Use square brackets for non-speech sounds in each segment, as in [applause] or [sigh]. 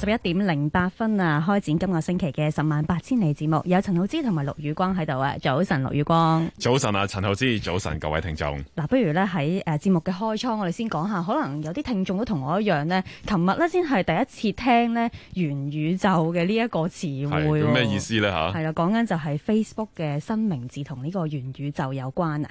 十一點零八分啊，開展今個星期嘅十萬八千里節目，有陳浩之同埋陸宇光喺度啊，早晨，陸宇光，早晨啊，陳浩之，早晨，各位聽眾，嗱、啊，不如咧喺誒節目嘅開場，我哋先講下，可能有啲聽眾都同我一樣呢，琴日咧先係第一次聽呢元宇宙嘅呢一個詞彙，咁咩意思咧吓？係啦，講緊就係 Facebook 嘅新名字同呢個元宇宙有關啊。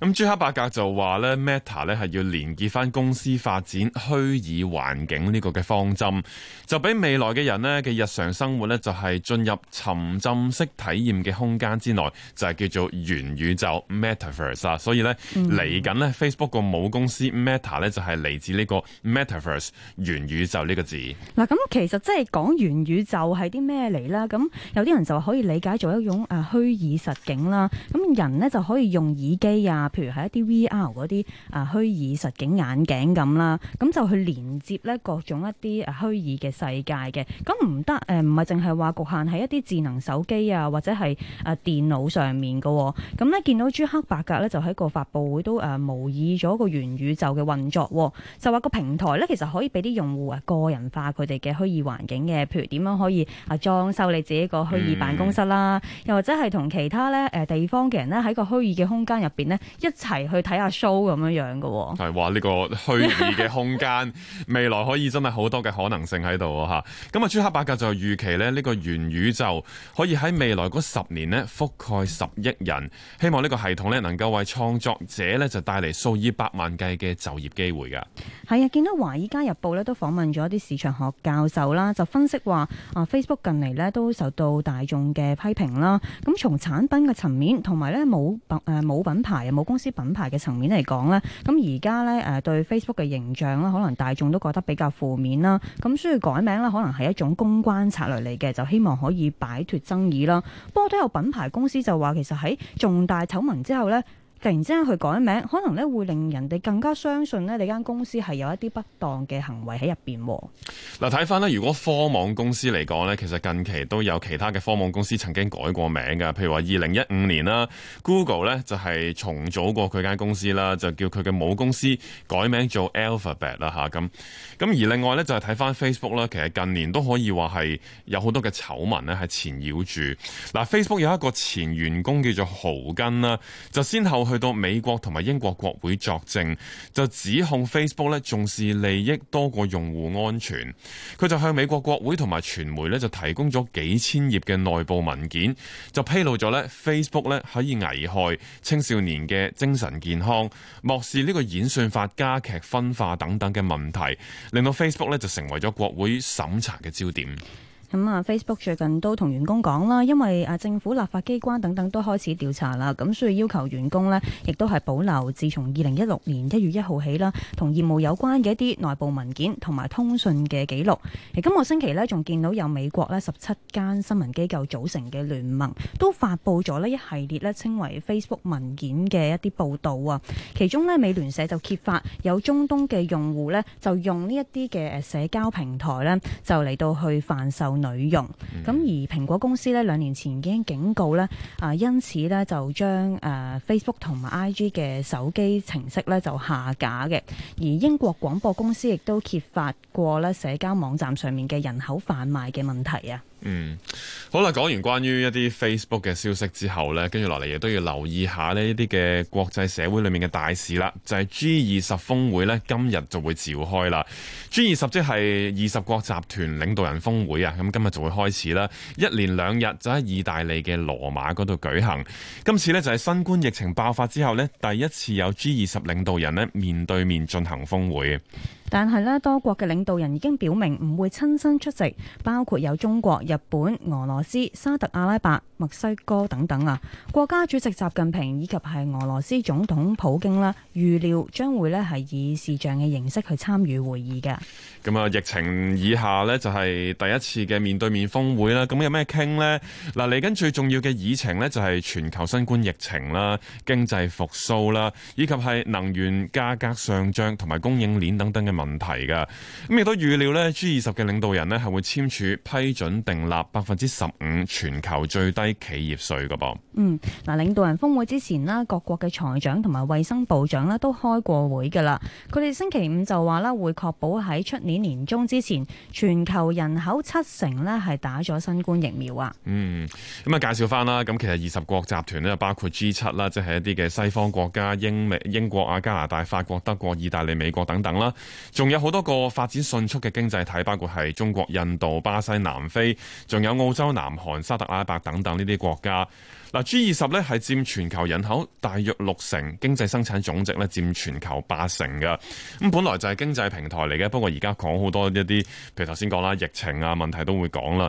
咁朱克伯格就話咧，Meta 咧係要連結翻公司發展虛擬環境呢個嘅方針，就俾未來嘅人咧嘅日常生活咧就係進入沉浸式體驗嘅空間之內，就係叫做元宇宙 Metaverse 啦。所以咧嚟緊咧 Facebook 個母公司 Meta 咧就係嚟自呢個 Metaverse 元宇宙呢個字，嗯。嗱，咁其實即係講元宇宙係啲咩嚟啦？咁有啲人就可以理解做一種誒虛擬實境啦。咁人咧就可以用耳機啊。譬如係一啲 VR 嗰啲啊虛擬實境眼鏡咁啦，咁就去連接咧各種一啲啊虛擬嘅世界嘅，咁唔得誒，唔係淨係話局限喺一啲智能手機啊或者係啊電腦上面噶、哦，咁咧見到朱克伯格咧就喺個發布會都誒、啊、模擬咗個元宇宙嘅運作、哦，就話個平台咧其實可以俾啲用戶啊個人化佢哋嘅虛擬環境嘅，譬如點樣可以裝修你自己個虛擬辦公室啦，嗯、又或者係同其他咧誒地方嘅人咧喺個虛擬嘅空間入邊咧，一齊去睇下 show 咁樣樣㗎、哦，係哇！呢、呢個虛擬嘅空間 [laughs] 未來可以真係好多嘅可能性喺度嚇。咁啊，朱克伯格就預期咧，呢個元宇宙可以喺未來嗰十年呢覆蓋十億人，希望呢個系統呢能夠為創作者呢就帶嚟數以百萬計嘅就業機會㗎。係啊，見到《華爾街日報》呢都訪問咗一啲市場學教授啦，就分析話啊 Facebook 近嚟呢都受到大眾嘅批評啦。咁從產品嘅層面同埋呢冇品誒冇品牌啊冇。公司品牌嘅層面嚟講呢，咁而家呢，誒對 Facebook 嘅形象呢，可能大眾都覺得比較負面啦。咁需要改名呢，可能係一種公關策略嚟嘅，就希望可以擺脫爭議啦。不過都有品牌公司就話，其實喺重大醜聞之後呢。突然之間去改名，可能咧會令人哋更加相信咧，你間公司係有一啲不當嘅行為喺入邊。嗱，睇翻咧，如果科網公司嚟講咧，其實近期都有其他嘅科網公司曾經改過名㗎，譬如話二零一五年啦，Google 咧就係重組過佢間公司啦，就叫佢嘅母公司改名做 Alphabet 啦嚇，咁咁而另外咧就係睇翻 Facebook 啦，其實近年都可以話係有好多嘅醜聞咧係纏繞住。嗱，Facebook 有一個前員工叫做豪根啦，就先後，去到美國同埋英國國會作證，就指控 Facebook 咧重視利益多過用戶安全。佢就向美國國會同埋傳媒咧就提供咗幾千頁嘅內部文件，就披露咗咧 Facebook 咧可以危害青少年嘅精神健康，漠視呢個演算法加劇分化等等嘅問題，令到 Facebook 咧就成為咗國會審查嘅焦點。咁、嗯、啊，Facebook 最近都同員工講啦，因為啊政府立法機關等等都開始調查啦，咁所以要求員工呢，亦都係保留自從二零一六年一月一號起啦，同業務有關嘅一啲內部文件同埋通訊嘅記錄。而今個星期呢，仲見到有美國呢十七間新聞機構組成嘅聯盟，都發布咗呢一系列呢稱為 Facebook 文件嘅一啲報導啊。其中呢，美聯社就揭發有中東嘅用戶呢，就用呢一啲嘅誒社交平台呢，就嚟到去販售。女傭。咁而蘋果公司咧，兩年前已經警告咧啊，因此咧就將誒 Facebook 同埋 IG 嘅手機程式咧就下架嘅。而英國廣播公司亦都揭發過咧社交網站上面嘅人口販賣嘅問題啊。嗯，好啦，講完關於一啲 Facebook 嘅消息之後呢，跟住落嚟亦都要留意下呢一啲嘅國際社會裏面嘅大事啦。就係 G 二十峰會呢，今日就會召開啦。G 二十即係二十國集團領導人峰會啊，咁今日就會開始啦，一連兩日就喺意大利嘅羅馬嗰度舉行。今次呢，就係新冠疫情爆發之後呢，第一次有 G 二十領導人呢面對面進行峰會。但係咧，多國嘅領導人已經表明唔會親身出席，包括有中國、日本、俄羅斯、沙特阿拉伯、墨西哥等等啊。國家主席習近平以及係俄羅斯總統普京啦，預料將會咧係以視像嘅形式去參與會議嘅。咁啊，疫情以下咧就係第一次嘅面對面峰會啦。咁有咩傾咧？嗱，嚟緊最重要嘅議程咧就係全球新冠疫情啦、經濟復蘇啦，以及係能源價格上漲同埋供應鏈等等嘅。問題嘅，咁亦都預料呢 G 二十嘅領導人呢係會簽署批准訂立百分之十五全球最低企業稅嘅噃。嗯，嗱，領導人峰會之前呢，各國嘅財長同埋衛生部長呢都開過會噶啦。佢哋星期五就話啦，會確保喺出年年中之前，全球人口七成呢係打咗新冠疫苗啊。嗯，咁啊，介紹翻啦。咁其實二十國集團呢，包括 G 七啦，即係一啲嘅西方國家，英美、英國啊、加拿大、法國、德國、意大利、美國等等啦。仲有好多個發展迅速嘅經濟體，包括係中國、印度、巴西、南非，仲有澳洲、南韓、沙特阿拉伯等等呢啲國家。嗱 G 二十咧，係佔全球人口大約六成，經濟生產總值咧佔全球八成㗎。咁本來就係經濟平台嚟嘅，不過而家講好多一啲，譬如頭先講啦，疫情啊，問題都會講啦。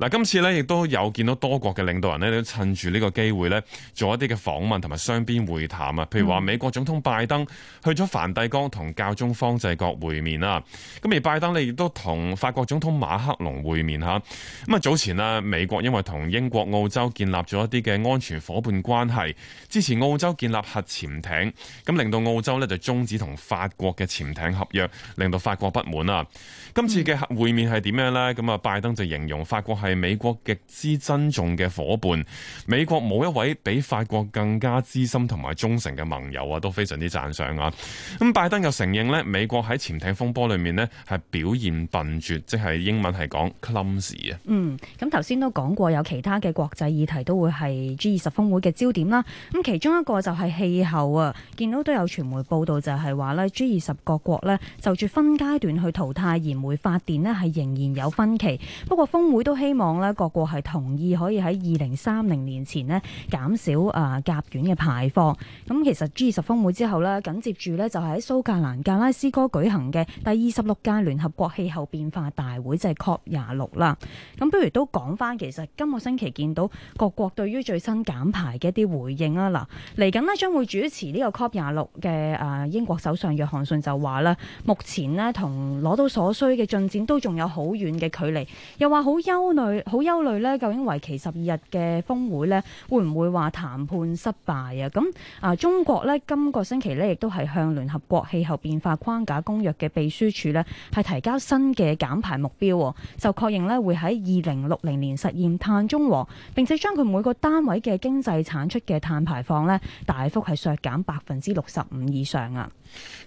嗱，今次呢，亦都有見到多國嘅領導人呢都趁住呢個機會呢做一啲嘅訪問同埋雙邊會談啊，譬如話美國總統拜登去咗梵蒂岡同教宗方濟各會面啦。咁而拜登呢，亦都同法國總統馬克龍會面吓。咁啊早前啊美國因為同英國、澳洲建立咗一啲嘅安全夥伴關係，支持澳洲建立核潛艇，咁令到澳洲咧就終止同法國嘅潛艇合約，令到法國不滿啊。今次嘅會面係點樣咧？咁啊，拜登就形容法國係美國極之珍重嘅伙伴，美國冇一位比法國更加資深同埋忠誠嘅盟友啊，都非常之讚賞啊。咁拜登又承認咧，美國喺潛艇風波裏面咧係表現笨拙，即係英文係講 clumsy 啊。嗯，咁頭先都講過有其他嘅國際議題都會係。G 二十峰會嘅焦點啦，咁其中一個就係氣候啊，見到都有傳媒報道就係話咧，G 二十各國咧就住分階段去淘汰燃煤發電咧，係仍然有分歧。不過峰會都希望咧，各國係同意可以喺二零三零年前咧減少啊甲烷嘅排放。咁其實 G 二十峰會之後咧，緊接住咧就係喺蘇格蘭格拉斯哥舉行嘅第二十六屆聯合國氣候變化大會，就係、是、COP 廿六啦。咁不如都講翻，其實今個星期見到各國對於最新減排嘅一啲回應啊，嗱，嚟緊咧將會主持呢個 COP 廿六嘅誒英國首相約翰遜就話咧，目前咧同攞到所需嘅進展都仲有好遠嘅距離，又話好憂慮，好憂慮咧，究竟為期十二日嘅峰會咧，會唔會話談判失敗啊？咁啊，中國咧今個星期咧亦都係向聯合國氣候變化框架公約嘅秘書處咧係提交新嘅減排目標，就確認咧會喺二零六零年實現碳中和，並且將佢每個單位。位嘅經濟產出嘅碳排放咧，大幅係削減百分之六十五以上啊！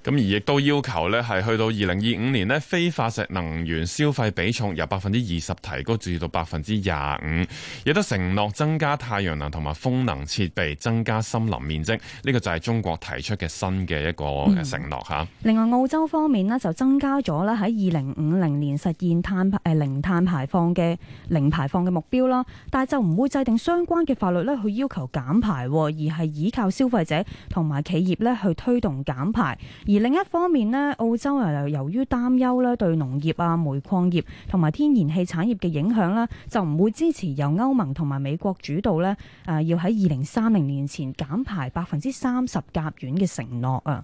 咁而亦都要求咧，係去到二零二五年咧，非化石能源消費比重由百分之二十提高至到百分之廿五，亦都承諾增加太陽能同埋風能設備，增加森林面積。呢、這個就係中國提出嘅新嘅一個承諾吓、嗯。另外，澳洲方面呢就增加咗咧喺二零五零年實現碳誒、呃、零碳排放嘅零排放嘅目標啦，但係就唔會制定相關嘅法律咧去要求減排，而係依靠消費者同埋企業咧去推動減排。而另一方面咧，澳洲啊，由於擔憂咧對農業啊、煤礦業同埋天然氣產業嘅影響咧，就唔會支持由歐盟同埋美國主導咧，誒，要喺二零三零年前減排百分之三十甲烷嘅承諾啊。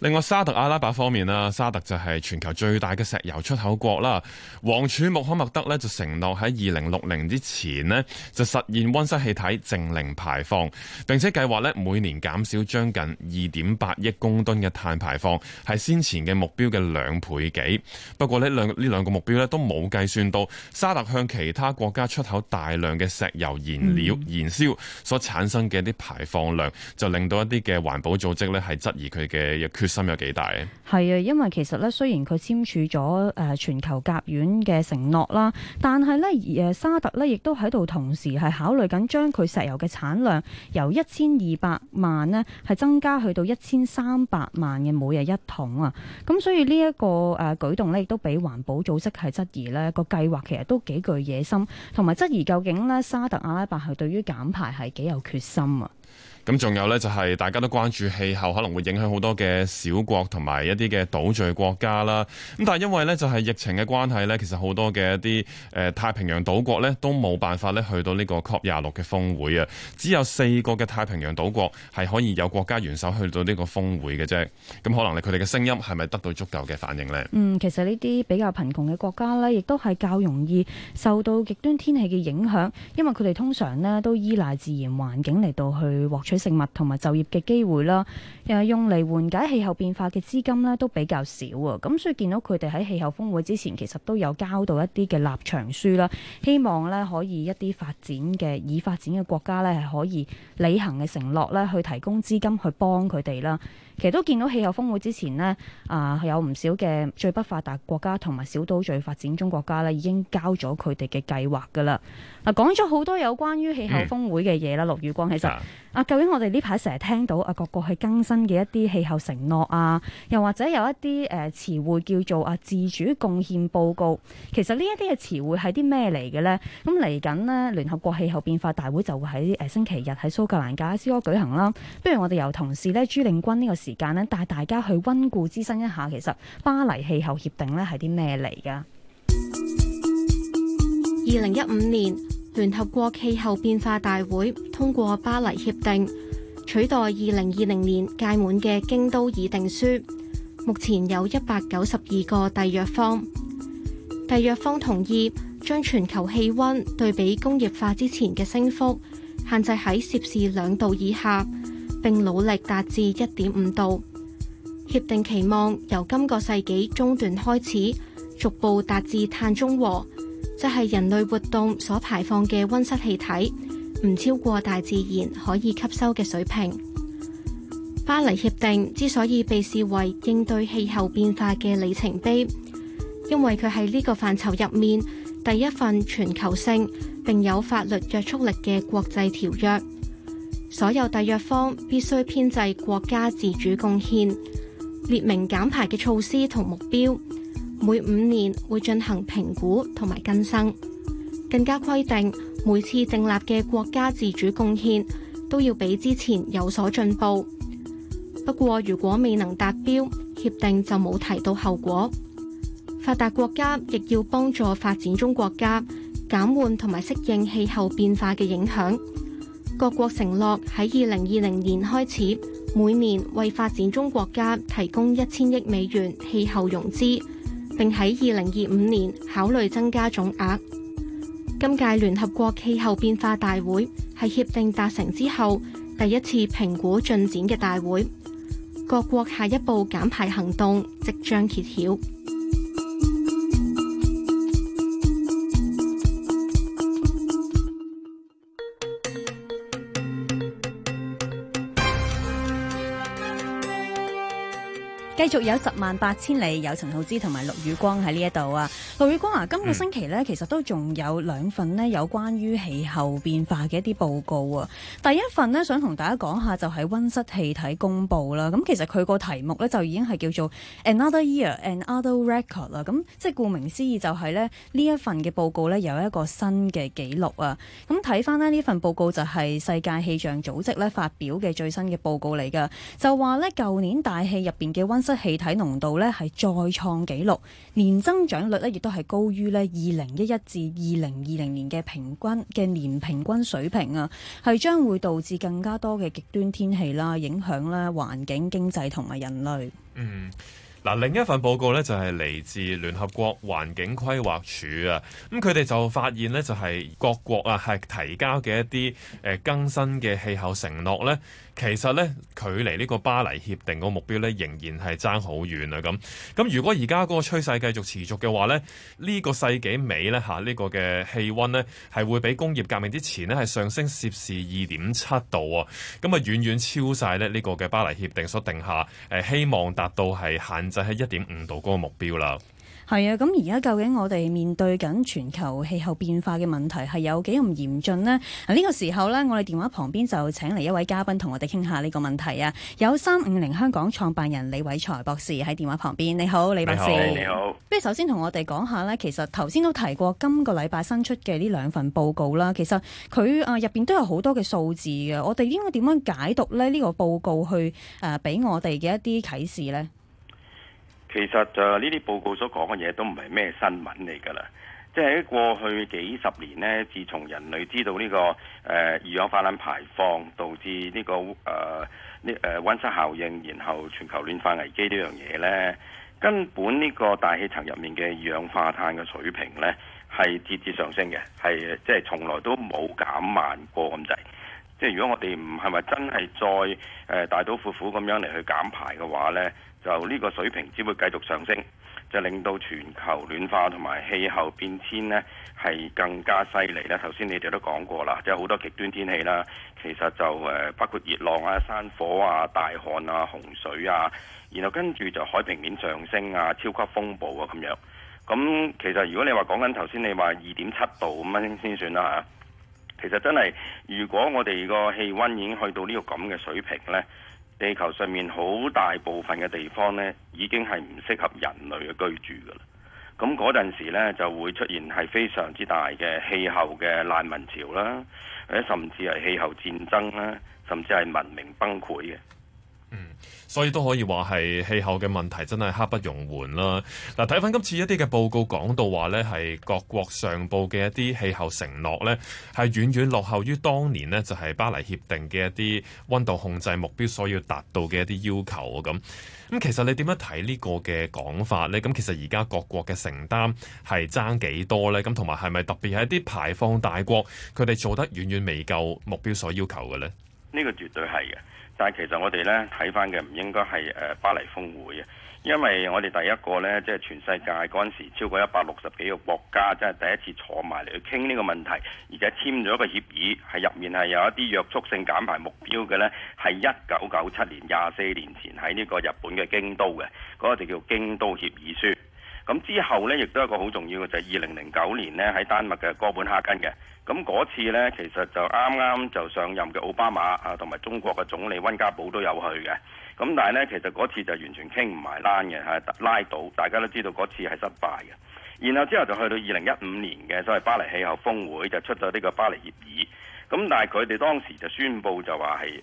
另外，沙特阿拉伯方面啦，沙特就係全球最大嘅石油出口國啦。王儲穆罕默德咧，就承諾喺二零六零之前咧，就實現溫室氣體淨零排放，並且計劃咧，每年減少將近二點八億公噸嘅碳排放，係先前嘅目標嘅兩倍幾。不過呢兩呢兩個目標咧，都冇計算到沙特向其他國家出口大量嘅石油燃料、嗯、燃燒所產生嘅啲排放量，就令到一啲嘅環保組織咧，係質疑佢嘅決心。心有幾大咧？係啊，因為其實咧，雖然佢簽署咗誒全球甲烷嘅承諾啦，但係咧，而沙特咧亦都喺度同時係考慮緊將佢石油嘅產量由一千二百萬呢係增加去到一千三百萬嘅每日一桶啊！咁所以呢一個誒舉動咧，亦都俾環保組織係質疑咧個計劃其實都幾具野心，同埋質疑究竟呢，沙特阿拉伯係對於減排係幾有決心啊！咁仲有呢，就係大家都關注氣候，可能會影響好多嘅小國同埋一啲嘅島嶼國家啦。咁但係因為呢，就係疫情嘅關係呢，其實好多嘅一啲誒太平洋島國呢，都冇辦法呢去到呢個 COP 廿六嘅峰會啊。只有四個嘅太平洋島國係可以有國家元首去到呢個峰會嘅啫。咁可能佢哋嘅聲音係咪得到足夠嘅反應呢？嗯，其實呢啲比較貧窮嘅國家呢，亦都係較容易受到極端天氣嘅影響，因為佢哋通常呢都依賴自然環境嚟到去。去會獲取食物同埋就業嘅機會啦，又用嚟緩解氣候變化嘅資金呢都比較少啊。咁所以見到佢哋喺氣候峰會之前，其實都有交到一啲嘅立場書啦，希望呢可以一啲發展嘅、已發展嘅國家呢係可以履行嘅承諾呢去提供資金去幫佢哋啦。其實都見到氣候峰會之前呢，啊，有唔少嘅最不發達國家同埋小島最發展中國家咧，已經交咗佢哋嘅計劃噶啦。嗱、啊，講咗好多有關於氣候峰會嘅嘢啦，陸、嗯、宇光其實啊，究竟我哋呢排成日聽到啊，各國去更新嘅一啲氣候承諾啊，又或者有一啲誒詞彙叫做啊自主貢獻報告，其實呢一啲嘅詞彙係啲咩嚟嘅呢？咁嚟緊呢，聯合國氣候變化大會就會喺誒、呃、星期日喺蘇格蘭格拉斯哥舉行啦。不如我哋由同事咧朱令軍呢、這個時間呢帶大家去溫故知新一下，其實巴黎氣候協定呢係啲咩嚟噶？二零一五年聯合國氣候變化大會通過巴黎協定，取代二零二零年屆滿嘅京都議定書。目前有一百九十二個締約方，締約方同意將全球氣溫對比工業化之前嘅升幅限制喺攝氏兩度以下。並努力達至一點五度協定，期望由今個世紀中段開始，逐步達至碳中和，即係人類活動所排放嘅温室氣體唔超過大自然可以吸收嘅水平。巴黎協定之所以被視為應對氣候變化嘅里程碑，因為佢係呢個範疇入面第一份全球性並有法律約束力嘅國際條約。所有締約方必須編制國家自主貢獻，列明減排嘅措施同目標，每五年會進行評估同埋更新。更加規定每次訂立嘅國家自主貢獻都要比之前有所進步。不過，如果未能達標，協定就冇提到後果。發達國家亦要幫助發展中國家減緩同埋適應氣候變化嘅影響。各國承諾喺二零二零年開始每年為發展中國家提供一千億美元氣候融資，並喺二零二五年考慮增加總額。今屆聯合國氣候變化大會係協定達成之後第一次評估進展嘅大會，各國下一步減排行動即將揭曉。繼續有十萬八千里，有陳浩之同埋陸宇光喺呢一度啊！陸宇光啊，今個星期呢，其實都仲有兩份呢，有關於氣候變化嘅一啲報告啊。第一份呢，想同大家講下就係溫室氣體公佈啦。咁其實佢個題目呢，就已經係叫做 Another Year, Another Record 啦。咁即係顧名思義就係咧，呢一份嘅報告呢，有一個新嘅記錄啊。咁睇翻咧，呢份報告就係世界氣象組織咧發表嘅最新嘅報告嚟㗎，就話呢舊年大氣入邊嘅溫室.氣體濃度咧係再創紀錄，年增長率咧亦都係高於咧二零一一至二零二零年嘅平均嘅年平均水平啊，係將會導致更加多嘅極端天氣啦，影響咧環境、經濟同埋人類。嗯。嗱，另一份報告呢就係嚟自聯合國環境規劃署啊，咁佢哋就發現呢就係各國啊係提交嘅一啲誒更新嘅氣候承諾呢，其實呢距離呢個巴黎協定個目標呢仍然係爭好遠啊咁。咁如果而家嗰個趨勢繼續持續嘅話呢，呢個世紀尾呢吓呢個嘅氣温呢係會比工業革命之前呢係上升攝氏二點七度啊，咁啊遠遠超晒呢個嘅巴黎協定所定下誒希望達到係限就係一點五度嗰個目標啦。係啊，咁而家究竟我哋面對緊全球氣候變化嘅問題係有幾咁嚴峻呢？啊，呢個時候呢，我哋電話旁邊就請嚟一位嘉賓同我哋傾下呢個問題啊。有三五零香港創辦人李偉才博士喺電話旁邊。你好，李博士。你好。不如首先同我哋講下呢，其實頭先都提過今個禮拜新出嘅呢兩份報告啦。其實佢啊入邊都有好多嘅數字嘅，我哋應該點樣解讀呢？呢個報告去誒俾我哋嘅一啲啟示呢？其實誒呢啲報告所講嘅嘢都唔係咩新聞嚟㗎啦，即係喺過去幾十年呢，自從人類知道呢、這個誒、呃、二氧化碳排放導致呢、這個誒誒、呃、溫室效應，然後全球暖化危機呢樣嘢呢，根本呢個大氣層入面嘅二氧化碳嘅水平呢係節節上升嘅，係即係從來都冇減慢過咁滯、就是。即係如果我哋唔係咪真係再誒、呃、大刀闊斧咁樣嚟去減排嘅話呢。就呢個水平只會繼續上升，就令到全球暖化同埋氣候變遷呢係更加犀利啦。頭先你哋都講過啦，即係好多極端天氣啦，其實就誒包括熱浪啊、山火啊、大旱啊、洪水啊，然後跟住就海平面上升啊、超級風暴啊咁樣。咁其實如果你話講緊頭先你話二點七度咁樣先算啦嚇，其實真係如果我哋個氣温已經去到呢個咁嘅水平呢。地球上面好大部分嘅地方呢，已經係唔適合人類嘅居住噶啦。咁嗰陣時呢，就會出現係非常之大嘅氣候嘅難民潮啦，或者甚至係氣候戰爭啦，甚至係文明崩潰嘅。所以都可以話，係氣候嘅問題真係刻不容緩啦！嗱，睇翻今次一啲嘅報告講到話，咧，係各國上報嘅一啲氣候承諾咧，係遠遠落後於當年咧就係巴黎協定嘅一啲温度控制目標所要達到嘅一啲要求啊！咁咁其實你點樣睇呢個嘅講法咧？咁其實而家各國嘅承擔係爭幾多咧？咁同埋係咪特別係一啲排放大國，佢哋做得遠遠未夠目標所要求嘅咧？呢個絕對係嘅。但係其實我哋咧睇翻嘅唔應該係誒巴黎峰會嘅，因為我哋第一個咧即係全世界嗰陣時超過一百六十幾個國家即係第一次坐埋嚟去傾呢個問題，而且簽咗一個協議，係入面係有一啲約束性減排目標嘅咧，係一九九七年廿四年前喺呢個日本嘅京都嘅，嗰、嗰個就叫京都協議書。咁之後咧亦都有一個好重要嘅就係二零零九年呢，喺丹麥嘅哥本哈根嘅。咁嗰次呢，其實就啱啱就上任嘅奧巴馬啊，同埋中國嘅總理温家寶都有去嘅。咁、啊、但係呢，其實嗰次就完全傾唔埋欄嘅，拉倒，大家都知道嗰次係失敗嘅。然後之後就去到二零一五年嘅，所謂巴黎氣候峰會，就出咗呢個巴黎協議。咁、啊、但係佢哋當時就宣布就話係誒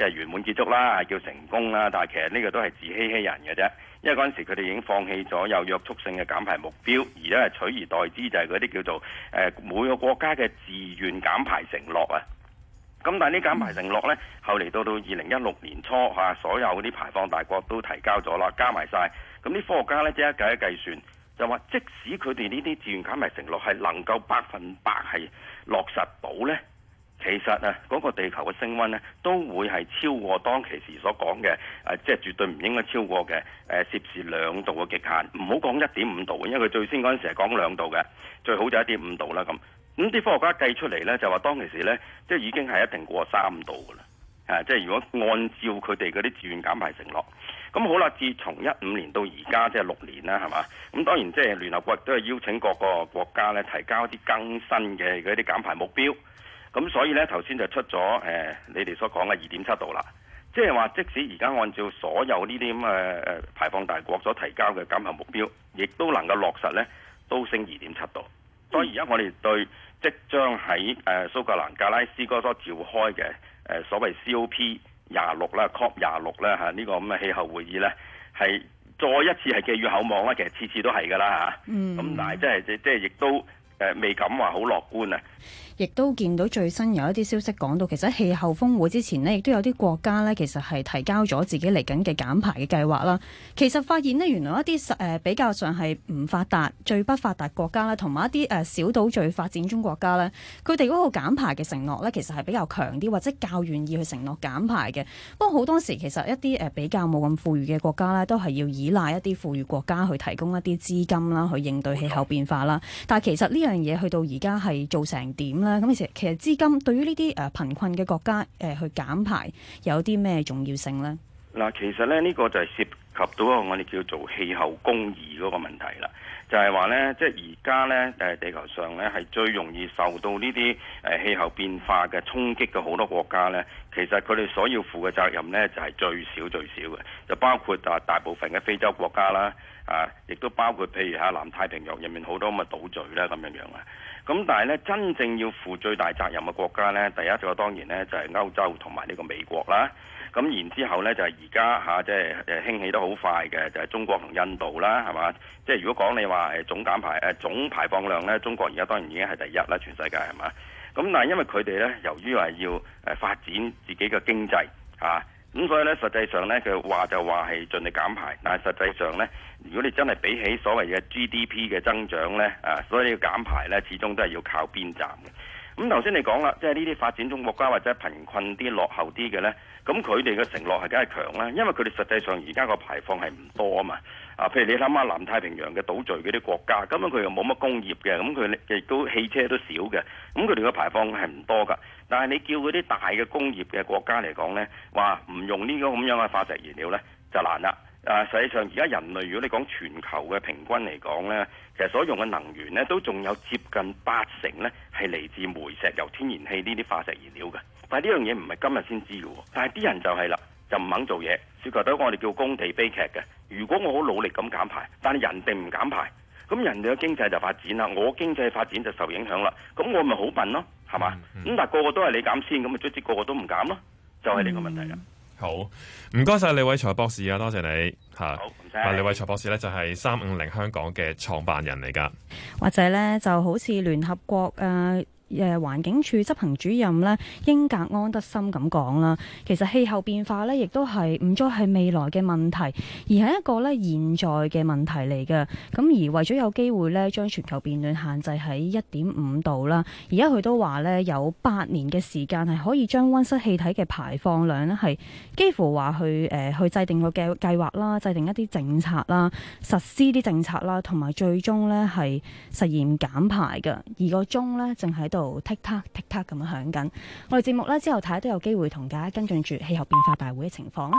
即係圓滿結束啦，叫成功啦，但係其實呢個都係自欺欺人嘅啫，因為嗰陣時佢哋已經放棄咗有約束性嘅減排目標，而家係取而代之就係嗰啲叫做誒每個國家嘅自願減排承諾啊。咁但係呢減排承諾呢，後嚟到到二零一六年初嚇，所有嗰啲排放大國都提交咗啦，加埋晒。咁啲科學家呢，即刻計一計算，就話即使佢哋呢啲自願減排承諾係能夠百分百係落實到呢。其實啊，嗰、那個地球嘅升溫咧，都會係超過當其時所講嘅，誒、啊，即係絕對唔應該超過嘅，誒、啊，攝氏兩度嘅極限。唔好講一點五度，因為佢最先嗰陣時係講兩度嘅，最好就一點五度啦咁。咁啲科學家計出嚟呢，就話當其時呢，即係已經係一定過三度㗎啦、啊。即係如果按照佢哋嗰啲自願減排承諾，咁好啦，自從一五年到而家即係六年啦，係嘛？咁當然即係聯合國都係邀請各個國家呢，提交一啲更新嘅嗰啲減排目標。咁所以咧，頭先就出咗誒、呃，你哋所講嘅二點七度啦，即係話即使而家按照所有呢啲咁嘅排放大國所提交嘅減排目標，亦都能夠落實咧，都升二點七度。所以而家我哋對即將喺誒、呃、蘇格蘭格拉斯哥所召開嘅誒、呃、所謂 COP 廿、啊、六啦、COP 廿六啦吓，呢個咁嘅氣候會議咧，係、啊、再一次係寄予厚望啦、啊。其實次次都係噶啦吓。咁、嗯啊、但係即係即係亦都誒、啊、未敢話好樂觀啊。亦都見到最新有一啲消息講到，其實喺氣候峰會之前咧，亦都有啲國家咧，其實係提交咗自己嚟緊嘅減排嘅計劃啦。其實發現咧，原來一啲實誒比較上係唔發達最不發達國家啦，同埋一啲誒、呃、小島嶼發展中國家咧，佢哋嗰個減排嘅承諾咧，其實係比較強啲，或者較願意去承諾減排嘅。不過好多時其實一啲誒比較冇咁富裕嘅國家咧，都係要依賴一啲富裕國家去提供一啲資金啦，去應對氣候變化啦。但係其實呢樣嘢去到而家係做成點咧？咁其實其實資金對於呢啲誒貧困嘅國家誒去減排有啲咩重要性呢？嗱，其實咧呢個就係涉及到一個我哋叫做氣候公義嗰個問題啦。就係話咧，即係而家咧誒地球上咧係最容易受到呢啲誒氣候變化嘅衝擊嘅好多國家咧，其實佢哋所要負嘅責任咧就係最少最少嘅，就包括啊大，大部分嘅非洲國家啦。啊！亦都包括譬如嚇、啊、南太平洋入面好多咁嘅島嶼啦，咁樣樣啊。咁但係咧，真正要負最大責任嘅國家咧，第一個當然咧就係、是、歐洲同埋呢個美國啦。咁、啊、然之後咧，就係而家嚇即係誒興起得好快嘅，就係、是就是、中國同印度啦，係嘛？即、就、係、是、如果講你話係總減排誒總排放量咧，中國而家當然已經係第一啦，全世界係嘛？咁但係因為佢哋咧，由於話要誒發展自己嘅經濟嚇。啊咁所以咧，實際上咧，佢話就話係盡力減排，但係實際上咧，如果你真係比起所謂嘅 GDP 嘅增長咧，啊，所以要減排咧，始終都係要靠邊站嘅。咁頭先你講啦，即係呢啲發展中國家或者貧困啲、落後啲嘅呢，咁佢哋嘅承諾係梗係強啦，因為佢哋實際上而家個排放係唔多啊嘛。啊，譬如你諗下南太平洋嘅島嶼嗰啲國家，咁樣佢又冇乜工業嘅，咁佢亦都汽車都少嘅，咁佢哋嘅排放係唔多㗎。但係你叫嗰啲大嘅工業嘅國家嚟講呢，話唔用呢個咁樣嘅化石燃料呢，就難啦。啊，實際上而家人類如果你講全球嘅平均嚟講呢，其實所用嘅能源呢，都仲有接近八成呢，係嚟自煤、石油、天然氣呢啲化石燃料嘅。但係呢樣嘢唔係今日先知嘅，但係啲人就係啦，就唔肯做嘢。涉及到我哋叫公地悲劇嘅。如果我好努力咁減排，但係人哋唔減排，咁人哋嘅經濟就發展啦，我的經濟發展就受影響啦。咁我咪好笨咯，係嘛？咁、嗯嗯嗯嗯、但係個個都係你減先，咁咪卒之個個都唔減咯，就係呢個問題啦。嗯。好，唔該晒，李偉才博士啊，多謝你嚇。嗱，李偉才博士咧就係三五零香港嘅創辦人嚟噶，或者咧就好似聯合國啊。誒環境署執行主任咧，英格安德森咁講啦，其實氣候變化呢，亦都係唔再係未來嘅問題，而係一個咧現在嘅問題嚟嘅。咁而為咗有機會呢，將全球變暖限制喺一點五度啦，而家佢都話呢，有八年嘅時間係可以將溫室氣體嘅排放量呢，係幾乎話去誒、呃、去制定個嘅計劃啦，制定一啲政策啦，實施啲政策啦，同埋最終呢係實現減排嘅。而個鐘呢，正喺度。度 tick 塔 tick 塔咁樣響緊，我哋節目咧之後睇下都有機會同大家跟進住氣候變化大會嘅情況啦。